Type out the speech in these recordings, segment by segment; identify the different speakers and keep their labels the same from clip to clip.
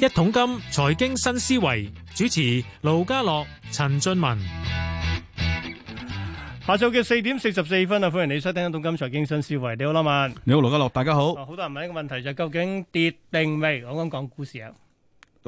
Speaker 1: 一桶金財經新思維，主持盧家樂、陳俊文，下晝嘅四點四十四分啊，歡迎你收聽《一桶金財經新思維》，你好啦，文，你
Speaker 2: 好盧家樂，大家好。
Speaker 1: 好多人問一個問題就係究竟跌定未？我講講故事啊。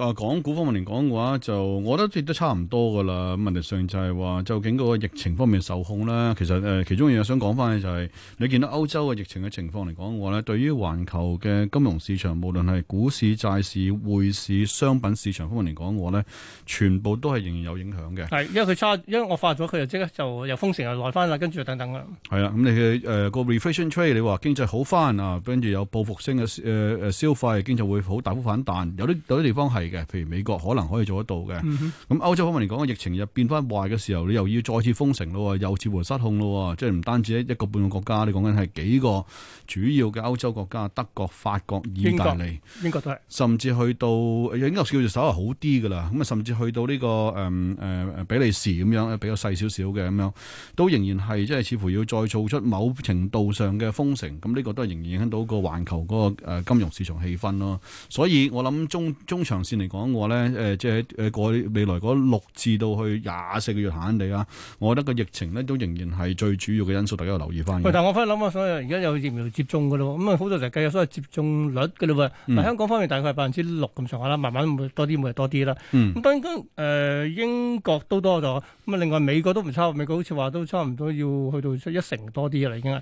Speaker 2: 啊，港股方面嚟講嘅話，就我覺得亦都差唔多噶啦。咁問題上就係話，究竟嗰個疫情方面受控咧？其實誒、呃，其中一樣嘢又想講翻嘅就係、是、你見到歐洲嘅疫情嘅情況嚟講嘅話呢，對於環球嘅金融市場，無論係股市、債市、匯市、商品市場方面嚟講嘅話呢，全部都係仍然有影響嘅。
Speaker 1: 係，因為佢差，因為我發咗佢就即刻就又封城又耐翻啦，跟住等等
Speaker 2: 啦。係啊，咁你嘅誒、呃那個 reflation trade，你話經濟好翻啊，跟住有報復性嘅誒誒消費，經濟會好大幅反彈。有啲有啲地方係。嘅，譬如美國可能可以做得到嘅，咁歐、嗯、哼洲方面嚟講嘅疫情又變翻壞嘅時候，你又要再次封城咯，又似乎失控咯，即係唔單止一個半個國家，你講緊係幾個主要嘅歐洲國家，德國法國意大利、英國都係，甚至去到英國係叫做稍為好啲噶啦，咁、嗯、啊，甚至去到呢個誒誒比利時咁樣比較細少少嘅咁樣都仍然係即係似乎要再做出某程度上嘅封城，咁呢個都係仍然影響到個環球嗰個誒金融市場氣氛咯，所以我諗中中長。嚟講嘅話咧，誒即係誒過未來六至到去廿四個月閒閒地啊，我覺得個疫情咧都仍然係最主要嘅因素，大家要留意翻。但
Speaker 1: 我反而諗下，所以而家有疫苗接種嘅咯，咁啊好多就計有所謂接種率嘅咯喎。香港方面大概係百分之六咁上下啦，慢慢多啲會多啲啦。咁、嗯、當然都、呃、英國都多咗，咁啊另外美國都唔差，美國好似話都差唔多要去到一成多啲啦已經啦。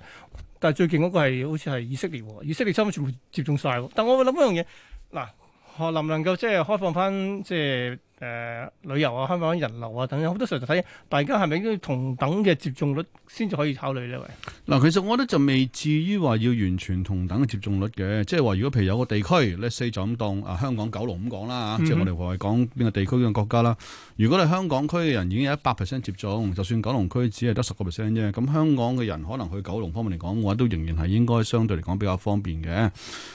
Speaker 1: 但係最勁嗰個係好似係以色列，以色列差唔多全部接種晒喎。但我會諗一樣嘢，嗱。學能唔能夠即係開放翻，即係。誒、呃、旅遊啊，香港人流啊？等等好多時候就睇大家係咪應該同等嘅接種率先至可以考慮咧？
Speaker 2: 嗱，其實我覺得就未至於話要完全同等嘅接種率嘅，即係話如果譬如有個地區，你四就咁當啊香港九龍咁講啦，嗯、即係我哋無謂講邊個地區嘅國家啦。如果你香港區嘅人已經有一百 percent 接種，就算九龍區只係得十個 percent 啫，咁香港嘅人可能去九龍方面嚟講嘅話，都仍然係應該相對嚟講比較方便嘅。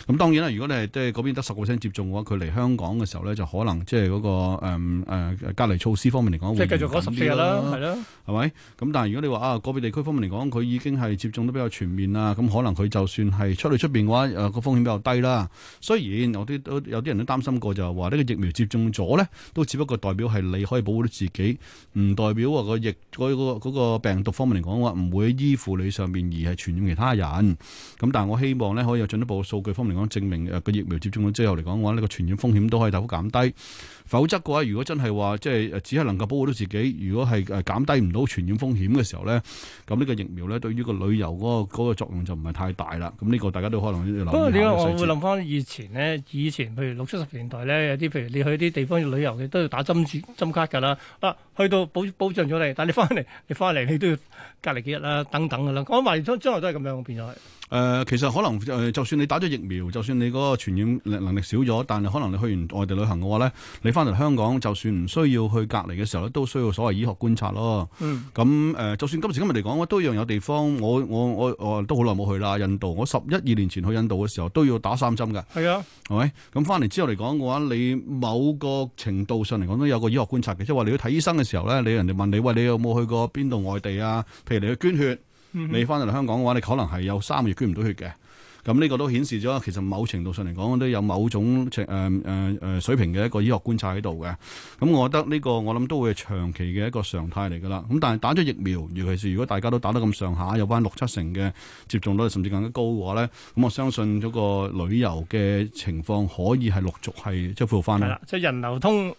Speaker 2: 咁當然啦，如果你係即係嗰邊得十個 percent 接種嘅話，佢嚟香港嘅時候咧，就可能即係嗰個、呃嗯誒、啊，隔離措施方面嚟講，會即係繼續嗰十四日啦，係啦吧，係咪的？咁但係如果你話啊個別地區方面嚟講，佢已經係接種得比較全面，出出面啊，咁可能佢就算係出去出邊嘅話，誒個風險比較低啦。雖然有啲有啲人都擔心過就，就係話呢個疫苗接種咗咧，都只不過代表係你可以保護到自己，唔代表話個疫、嗰個、嗰個病毒方面嚟講嘅話，唔會依附你上面而係傳染其他人。咁但係我希望咧可以有進一步數據方面嚟講證明誒個、啊、疫苗接種咗之後嚟講嘅話，呢個傳染風險都可以大幅減低。否則嘅話，如果真係話即係只係能夠保護到自己，如果係減低唔到傳染風險嘅時候咧，咁呢個疫苗咧對於個旅遊嗰、嗰個作用就唔係太大啦。咁呢個大家都可能都諗，不過你話我會諗
Speaker 1: 翻以前呢，以前譬如六七十年代咧，有啲譬如你去啲地方要旅遊嘅都要打針，注針卡㗎啦。啊去到保保障咗你，但係你翻嚟，你翻嚟你都要隔離幾日啦、啊，等等嘅、啊、啦。講埋將將來都係咁樣變咗係、
Speaker 2: 呃。其實可能誒、呃，就算你打咗疫苗，就算你嗰個傳染能力，能力少咗，但係可能你去完外地旅行嘅話咧，你翻嚟香港，就算唔需要去隔離嘅時候咧，都需要所謂醫學觀察咯。咁誒、嗯呃，就算今時今日嚟講，都一樣有地方，我我我我都好耐冇去啦。印度，我十一二年前去印度嘅時候都要打三針㗎。係啊的。係咪？咁翻嚟之後嚟講嘅話，你某個程度上嚟講都有個醫學觀察嘅，即係話你要睇醫生時候咧，你人哋問你喂，你有冇去過邊度外地啊？譬如你去捐血，你翻到嚟香港嘅話，你可能係有三個月捐唔到血嘅。咁呢個都顯示咗，其實某程度上嚟講，都有某種誒誒誒水平嘅一個醫學觀察喺度嘅。咁我覺得呢個我諗都會長期嘅一個常態嚟噶啦。咁但係打咗疫苗，尤其是如果大家都打得咁上下，有班六七成嘅接種率，甚至更加高嘅話咧，咁我相信嗰個旅遊嘅情況可以係陸續係即係恢復翻啦。係啦，
Speaker 1: 即係人流通。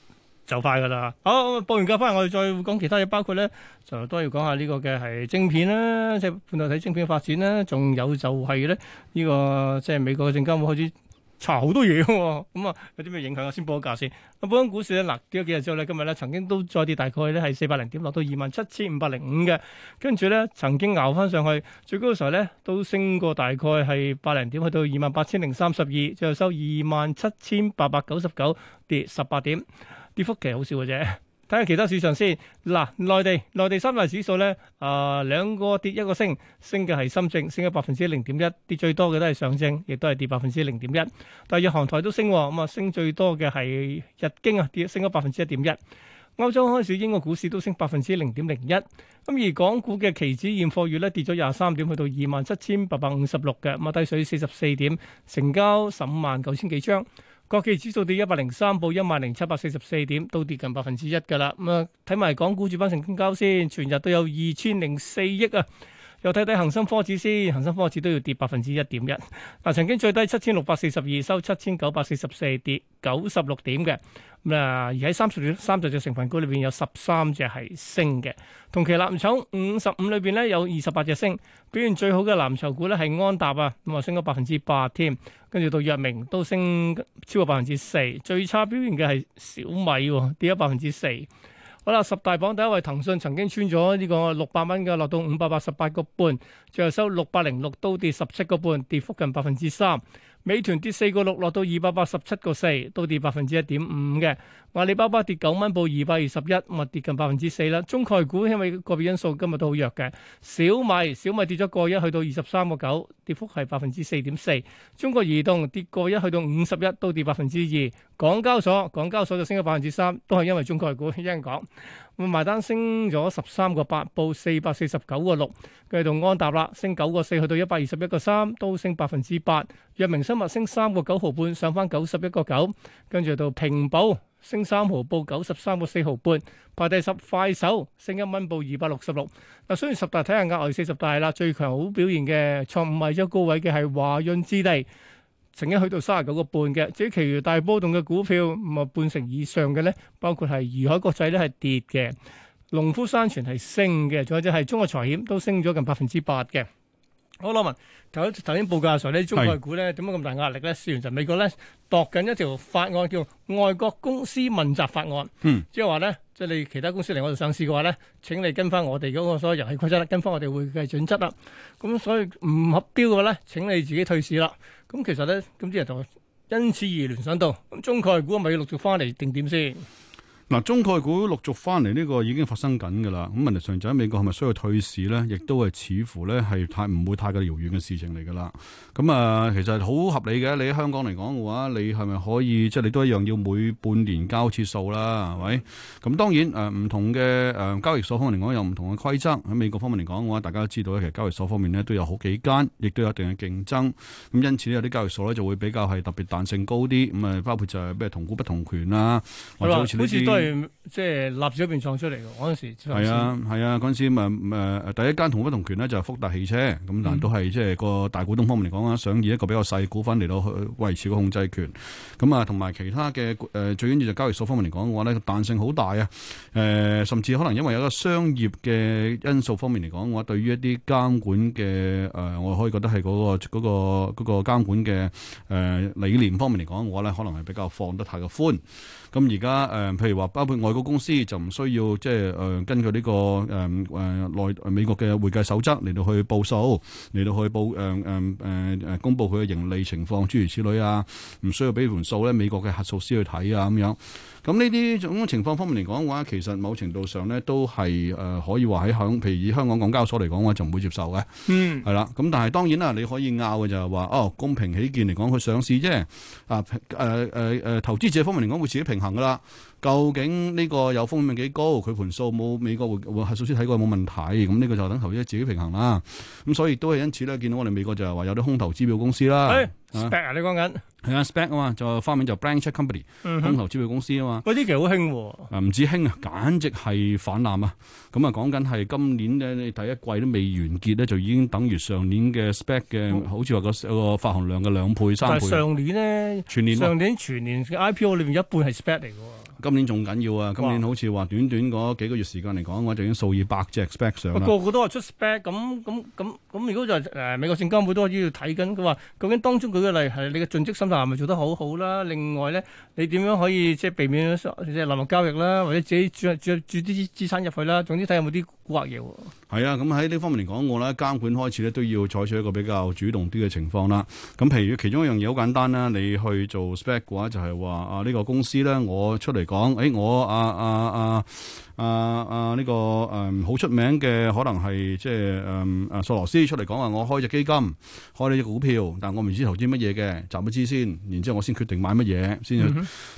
Speaker 1: 就快噶啦！好，報完價翻嚟，我哋再講其他嘢，包括咧就都要講下呢個嘅係晶片啦，即係半導體晶片發展咧，仲有就係咧呢個即係美國嘅證監會開始查好多嘢嘅咁啊，有啲咩影響啊？先報個價先。啊，本港股市咧，嗱跌咗幾日之後咧，今日咧曾經都再跌大概咧係四百零點，落到二萬七千五百零五嘅，跟住咧曾經熬翻上去，最高嘅時候咧都升過大概係百零點，去到二萬八千零三十二，最後收二萬七千八百九十九，跌十八點。跌幅其實好少嘅啫，睇下其他市場先。嗱，內地內地三大指數咧，啊、呃、兩個跌一個升，升嘅係深證，升咗百分之零點一，跌最多嘅都係上證，亦都係跌百分之零點一。但係日韓台都升，咁、嗯、啊升最多嘅係日經啊，跌升咗百分之一點一。歐洲開市，英國股市都升百分之零點零一。咁而港股嘅期指現貨月咧跌咗廿三點，去到二萬七千八百五十六嘅，咁啊低水四十四點，成交十五萬九千幾張。國企指數跌一百零三，報一萬零七百四十四點，都跌近百分之一㗎喇。咁啊，睇埋港股主板成交先，全日都有二千零四億啊。又睇睇恒生科指先，恒生科指都要跌百分之一點一。嗱，曾經最低七千六百四十二，收七千九百四十四，跌九十六點嘅。咁啊，而喺三十隻三十隻成分股裏邊，有十三隻係升嘅。同期藍籌五十五裏邊咧，有二十八隻升，表現最好嘅藍籌股咧係安踏啊，咁啊升咗百分之八添。跟住到藥明都升超過百分之四，最差表現嘅係小米喎，跌咗百分之四。好啦，十大榜第一位，騰訊曾經穿咗呢個六百蚊嘅，落到五百八十八個半，最後收六百零六，都跌十七個半，跌幅近百分之三。美團跌四個六，落到二百八十七個四，都跌百分之一點五嘅。阿里巴巴跌九蚊，報二百二十一，咁啊跌近百分之四啦。中概股因為個別因素，今日都好弱嘅。小米小米跌咗個一，去到二十三個九，跌幅係百分之四點四。中國移動跌個一，去到五十一，都跌百分之二。港交所港交所就升咗百分之三，都係因為中概股影響。咁埋單升咗十三個八，報四百四十九個六。繼續安踏啦，升九個四，去到一百二十一個三，都升百分之八。藥明生物升三個九毫半，上翻九十一個九。跟住到平保。升三毫，報九十三個四毫半，排第十。快手升一蚊，報二百六十六。嗱，雖然十大睇能額外四十大啦，最強好表現嘅，創五日新高位嘅係華潤置地，曾經去到三十九個半嘅。至於其他大波動嘅股票，咪半成以上嘅咧，包括係怡海國際咧係跌嘅，農夫山泉係升嘅，仲有就係中國財險都升咗近百分之八嘅。好，羅文，頭先頭先報價嘅時候咧，中概股咧點解咁大壓力咧？事緣就美國咧度緊一條法案叫外國公司問責法案，即係話咧，即係你其他公司嚟我度上市嘅話咧，請你跟翻我哋嗰個所有遊戲規則啦，跟翻我哋會計準則啦。咁所以唔合標嘅話咧，請你自己退市啦。咁其實咧，咁啲人就因此而聯想到，咁中概股係咪要陸續翻嚟定點先。
Speaker 2: 嗱，中概股陸續翻嚟呢個已經發生緊㗎啦。咁問題上就喺美國係咪需要退市咧？亦都係似乎咧係太唔會太過遙遠嘅事情嚟㗎啦。咁、嗯、啊、呃，其實好合理嘅。你喺香港嚟講嘅話，你係咪可以即係、就是、你都一樣要每半年交次數啦，係咪？咁、嗯、當然誒，唔、呃、同嘅誒、呃、交易所可能嚟講，有唔同嘅規則。喺美國方面嚟講嘅話，大家都知道其實交易所方面咧都有好幾間，亦都有一定嘅競爭。咁、嗯、因此有啲交易所咧就會比較係特別彈性高啲。咁啊，包括就係咩同股不同權啊，吧或者好似
Speaker 1: 即係立咗嗰邊創出嚟嘅，陣時
Speaker 2: 係啊係啊，陣、啊、時咪誒、呃、第一間同股不同權咧就係福特汽車，咁但係都係即係個大股東方面嚟講咧，想以一個比較細股份嚟到去維持個控制權，咁啊同埋其他嘅誒、呃、最緊要就交易所方面嚟講嘅話咧，彈性好大啊！誒、呃，甚至可能因為有個商業嘅因素方面嚟講嘅話，對於一啲監管嘅誒、呃，我可以覺得係嗰、那個嗰、那個嗰、那個監管嘅誒、呃、理念方面嚟講嘅話咧，可能係比較放得太過寬。咁而家誒，譬如話。包括外國公司就唔需要即係誒，根據呢個誒誒內美國嘅會計守則嚟到去報數，嚟到去報誒誒誒誒公布佢嘅盈利情況，諸如此類啊，唔需要俾盤數咧美國嘅核數師去睇啊，咁樣。咁呢啲種情況方面嚟講嘅話，其實某程度上咧都係誒、呃、可以話喺響，譬如以香港港交所嚟講我話，就唔會接受嘅。嗯，係啦。咁但係當然啦，你可以拗嘅就係話，哦，公平起見嚟講，佢上市啫。啊，誒誒誒，投資者方面嚟講會自己平衡噶啦。究竟呢個有風險幾高？佢盤數冇美國會會係數師睇過冇問題。咁、這、呢個就等投資者自己平衡啦。咁、嗯、所以都係因此咧，見到我哋美國就係話有啲空頭支票公司啦。哎、SPAC、你講緊？啊係啊，SPAC 啊嘛，AC，方面就花名就 branch company，空頭資本公司啊嘛。嗰啲、嗯、哼其實好興喎，唔、嗯、止興啊，簡直係泛濫啊！咁啊，講緊係今年咧，你第一季都未完結咧，就已經等於上年嘅 SPAC 嘅，好似話個個發行量嘅兩倍、嗯、三倍。但係上
Speaker 1: 年咧，全年啊、上年全年 IPO 裏邊一半係 SPAC 嚟㗎。
Speaker 2: 今年仲緊要啊！今年好似話短短嗰幾個月時間嚟講，我就已經數以百隻 SPAC 上啦。個個
Speaker 1: 都話出 SPAC，咁咁咁咁，如果就誒、是呃、美國證監會都要睇緊，佢話究竟當中舉個例係你嘅盡職心層係咪做得好好啦？另外咧，你點樣可以即係避免即係流落交易啦，或者自己注注注啲資產入去啦？總之睇有冇啲。沽核嘢
Speaker 2: 喎，係啊，咁喺呢方面嚟講，我咧監管開始咧都要採取一個比較主動啲嘅情況啦。咁譬如其中一樣嘢好簡單啦，你去做 SPAC 嘅話，就係話啊呢個公司咧，我出嚟講，誒，我啊啊啊啊啊呢個誒好出名嘅，可能係即係誒啊索羅斯出嚟講話，我開隻基金，開呢隻股票，但我唔知投資乜嘢嘅，集乜資先，然之後我先決定買乜嘢，先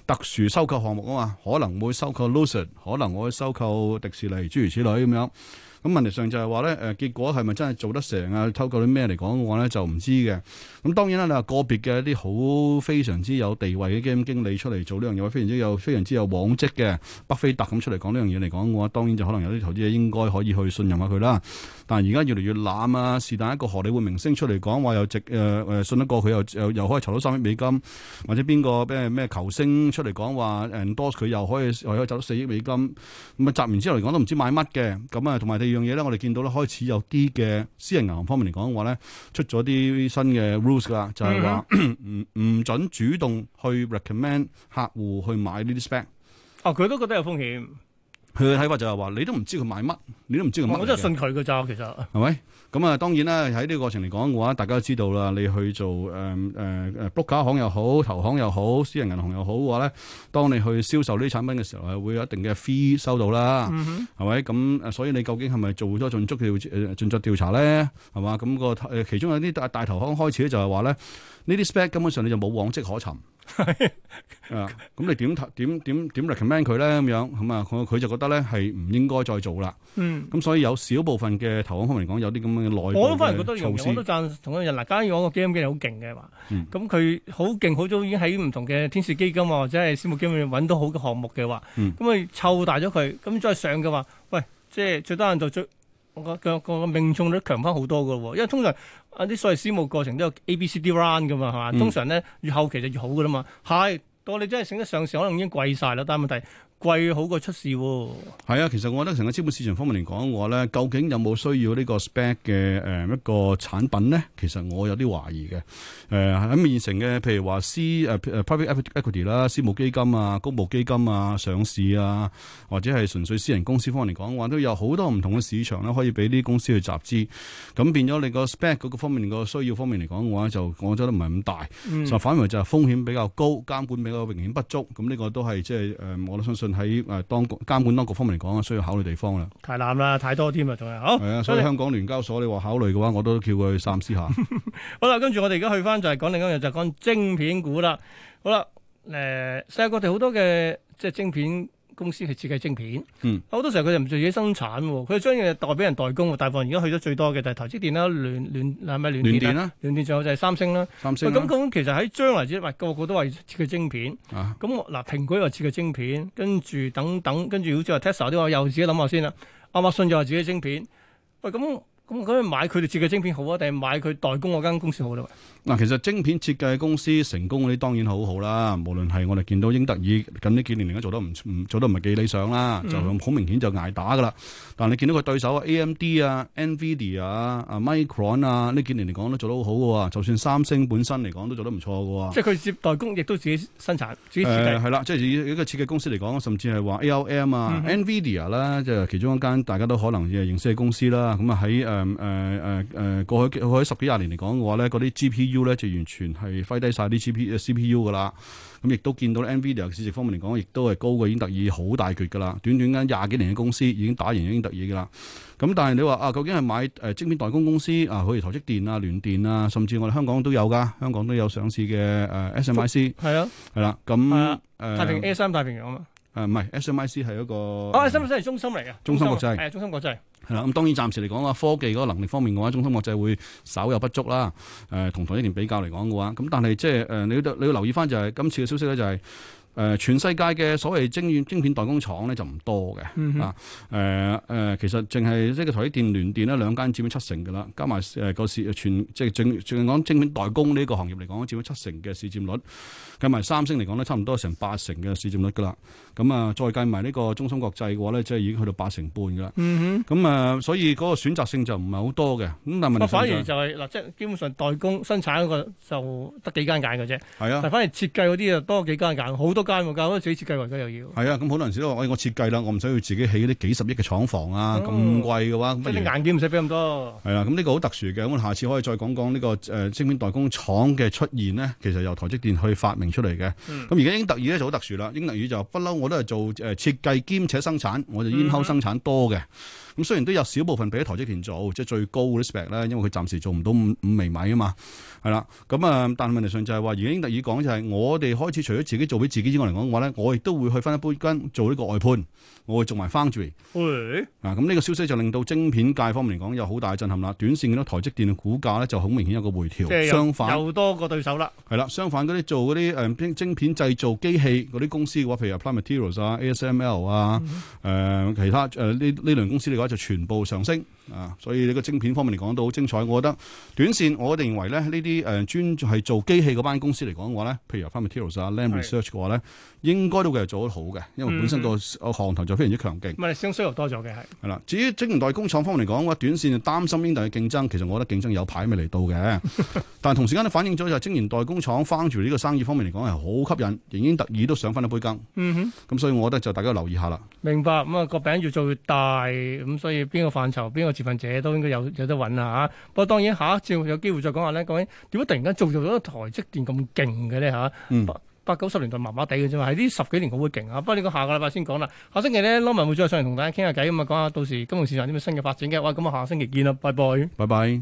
Speaker 2: 特殊收購項目啊嘛，可能會收購 Lucid，可能我會收購迪士尼，諸如此類咁樣。咁問題上就係話咧，誒、呃，結果係咪真係做得成啊？透過啲咩嚟講嘅話咧，就唔知嘅。咁、啊、當然啦，你、啊、話個別嘅一啲好非常之有地位嘅基金經理出嚟做呢樣嘢，非常之有、非常之有往績嘅北非達咁出嚟講呢樣嘢嚟講嘅話，當然就可能有啲投資者應該可以去信任下佢啦。但而家越嚟越濫啊！是但一個荷里活明星出嚟講話又值誒誒、呃、信得過佢又又，又，又可以籌到三億美金，或者邊個咩咩球星出嚟講話 endorse 佢又可以又可以賺到四億美金，咁啊集完之後嚟講都唔知買乜嘅。咁啊同埋第二樣嘢咧，我哋見到咧開始有啲嘅私人銀行方面嚟講嘅話咧，出咗啲新嘅 rules 噶啦，就係話唔唔準主動去 recommend 客戶去買呢啲 SPAC。哦，佢都覺得有風險。佢嘅睇法就係話，你都唔知佢買乜，你都唔知佢乜。我真係
Speaker 1: 信佢㗎咋，其實
Speaker 2: 係咪？咁啊，當然啦，喺呢個過程嚟講嘅話，大家都知道啦，你去做誒誒誒，b o o k 卡行又好，投行又好，私人銀行又好嘅話咧，當你去銷售呢啲產品嘅時候，係會有一定嘅 fee 收到啦，係咪，嗯哼？咁所以你究竟係咪做咗盡足調盡足調查咧？係嘛？咁，那個誒，其中有啲大大投行開始咧，就係話咧，呢啲 SPAC 根本上你就冇往績可尋。係啊，咁你點投點點點 recommend 佢咧咁樣，咁啊佢佢就覺得咧係唔應該再做啦。嗯，咁、嗯、所以有少部分嘅投行方面嚟講，有啲咁嘅內我都反而覺得，我都贊
Speaker 1: 同啊！人嗱，假如嗰個基金經好勁嘅話，咁佢好勁，好早已經喺唔同嘅天使基金或者係私募基金揾到好嘅項目嘅話，咁啊湊大咗佢，咁再上嘅話，喂，即、就、係、是、最多人做最。我覺個命中率強翻好多噶喎，因為通常啊啲所謂私募過程都有 A、B、C、D run 噶嘛，係嘛？嗯、通常咧越後期就越好噶啦嘛，係。到你真係醒得上市，可能已經貴晒啦，但係問題。貴好過出事喎，
Speaker 2: 係啊，其實我覺得成個資本市場方面嚟講嘅話咧，究竟有冇需要呢個 SPAC 嘅誒一個產品咧？其實我有啲懷疑嘅。誒、呃、喺面成嘅，譬如話私誒 private equity 啦、私募基金啊、公募基金啊、上市啊，或者係純粹私人公司方面嚟講嘅話，都有好多唔同嘅市場咧，可以俾啲公司去集資。咁變咗你個 SPAC 嗰個方面、嗰個需要方面嚟講嘅話，就我覺得唔係咁大，就、嗯、反而就係風險比較高，監管比較明顯不足。咁呢個都係即係誒，我都相信。喺誒當局監管當局方面嚟講啊，需要考慮地方啦，
Speaker 1: 太難啦，太多添啊，仲係好。係啊，所以香
Speaker 2: 港聯交所你話考慮嘅話，我都叫佢去三思下。
Speaker 1: 好啦，跟住我哋而家去返就係講另一樣，就係、是、講晶片股啦。好啦，誒、呃，世界各地好多嘅即係晶片。公司係設計晶片，好、嗯、多時候佢哋唔做自己生產，佢將嘢代俾人代工。大部分而家去得最多嘅就係台積電啦，聯聯係咪聯是是聯電啦、啊？聯電最、啊、有就係三星啦、啊。咁咁、啊、其實喺將來，即喂個個都話設計晶片咁嗱，蘋果又設計晶片，跟住、啊、等等，跟住好似話 Tesla 啲話又自己諗下先啦。亞馬遜又話自己晶片喂，咁咁咁買佢哋設計晶片好啊，定係買佢代工嗰間公司好咧、啊？
Speaker 2: 嗱，其實晶片設計公司成功嗰啲當然好好啦。無論係我哋見到英特爾近呢幾年嚟講做得唔唔做得唔係幾理想啦，就咁好明顯就挨打㗎啦。但係你見到個對手啊，AMD 啊、NVIDIA 啊、Micron 啊，呢、啊、幾年嚟講都做得好好、啊、喎。就算三星本身嚟講都做得唔錯喎。即
Speaker 1: 係佢接代工，亦都
Speaker 2: 自己生產自己設計係啦，即係以一個設計公司嚟講甚至係話 ARM 啊、嗯、哼 NVIDIA 啦，即係其中一間大家都可能誒認識嘅公司啦。咁啊喺誒誒誒誒過去過去十幾廿年嚟講嘅話咧，嗰啲 GPU。咧就完全係揮低晒啲 C P 誒 C P U 噶啦，咁、嗯、亦都見到 Nvidia 市值方面嚟講，亦都係高過英特爾好大決噶啦，短短間廿幾年嘅公司已經打贏英特爾噶啦。咁、嗯、但係你話啊，究竟係買誒晶片代工公司啊，好似台積電啊、聯電啊，甚至我哋香港都有噶，香港都有上市嘅誒、呃、S M I C 係啊，係啦，咁誒。嗯、太平
Speaker 1: A 三太平洋啊嘛。
Speaker 2: 誒唔係、呃、SMIC 係一個，哦，SMIC 係中
Speaker 1: 芯嚟嘅，中芯國際，係中芯國際，
Speaker 2: 係啦，咁當然暫時嚟講啦，科技嗰個能力方面嘅話，中芯國際會稍有不足啦。誒、呃，同台積電比較嚟講嘅話，咁但係即係誒，你要你要留意翻就係、是、今次嘅消息咧、就是，就係。誒、呃，全世界嘅所謂晶片，晶片代工廠咧就唔多嘅啊！誒誒、嗯哼呃呃，其實淨係即係台積電、聯電咧兩間佔咗七成嘅啦，加埋誒個全即係整，即係講晶片代工呢個行業嚟講，佔咗七成嘅市佔率。計埋三星嚟講咧，差唔多成八成嘅市佔率噶啦。咁、嗯、啊，再計埋呢個中芯國際嘅話咧，即係已經去到八成半噶啦。咁、呃、啊，所以嗰個選擇性就唔係好多嘅。咁但係問題我、啊、反而就係、是、
Speaker 1: 嗱，即係基本上代工生產嗰個就得幾間揀嘅啫。係啊。但反而設計嗰啲啊多幾間揀，好多。間教都自己設
Speaker 2: 計，而家又要係啊！咁好多人都話、哎：，我我設計啦，我唔使要自己起嗰啲幾十億嘅廠房啊！咁貴嘅話，即係硬件唔使俾咁多。係啊！咁呢個好特殊嘅，咁我下次可以再講講呢個誒、呃、晶片代工廠嘅出現咧，其實由台積電去發明出嚟嘅。咁而家英特爾咧就好特殊啦，英特爾就不嬲我都係做誒設計兼且生產，我就研究生產多嘅。嗯咁雖然都有少部分俾台積電做，即係最高嗰啲 spec 咧，因為佢暫時做唔到五五微米啊嘛，係啦。咁啊，但問題上就係話，而家英特爾講就係我哋開始除咗自己做俾自己之外嚟講嘅話咧，我亦都會去分一杯羹做呢個外判，我會做埋 foundry。啊，咁呢個消息就令到晶片界方面嚟講有好大嘅震撼啦。短線嘅咧，台積電嘅股價咧就好明顯有個回調。即係又又
Speaker 1: 多個對手啦。
Speaker 2: 係啦，相反嗰啲做嗰啲誒晶晶片製造機器嗰啲公司嘅話，譬如 Applied Materials 啊、ASML 啊、誒其他誒呢呢類公司嚟講。就全部上升。啊，所以呢個晶片方面嚟講都好精彩，我覺得短線我哋認為咧呢啲誒專係做機器嗰班公司嚟講嘅話咧，譬如由 Materials 啊、Lam Research 嘅話咧，應該都繼續做得好嘅，因為本身個行頭就非常之強勁。唔
Speaker 1: 啦、嗯，嗯
Speaker 2: 嗯、至於晶圓代工廠方面嚟講嘅話，嗯、短線擔心英達嘅競爭，其實我覺得競爭有排未嚟到嘅， 但同時間都反映咗就係晶圓代工廠翻住呢個生意方面嚟講係好吸引，仍然特意都想分一杯羹。咁、嗯、哼所以我覺得就大家留意下啦。
Speaker 1: 明白咁啊，那個餅越做越大，咁所以邊個範疇邊個？持份者都應該有有得揾啦嚇，不過當然下一仲有機會再講下呢。究竟點解突然間做做咗台積電咁勁嘅呢？嚇、啊？八九十年代麻麻地嘅啫嘛，喺呢十幾年好鬼勁啊！不過呢個下個禮拜先講啦，下星期呢，羅文會再上嚟同大家傾下偈咁啊，講下到時金融市場啲咩新嘅發展嘅。哇，咁啊，下星期見啦，拜拜，
Speaker 2: 拜拜。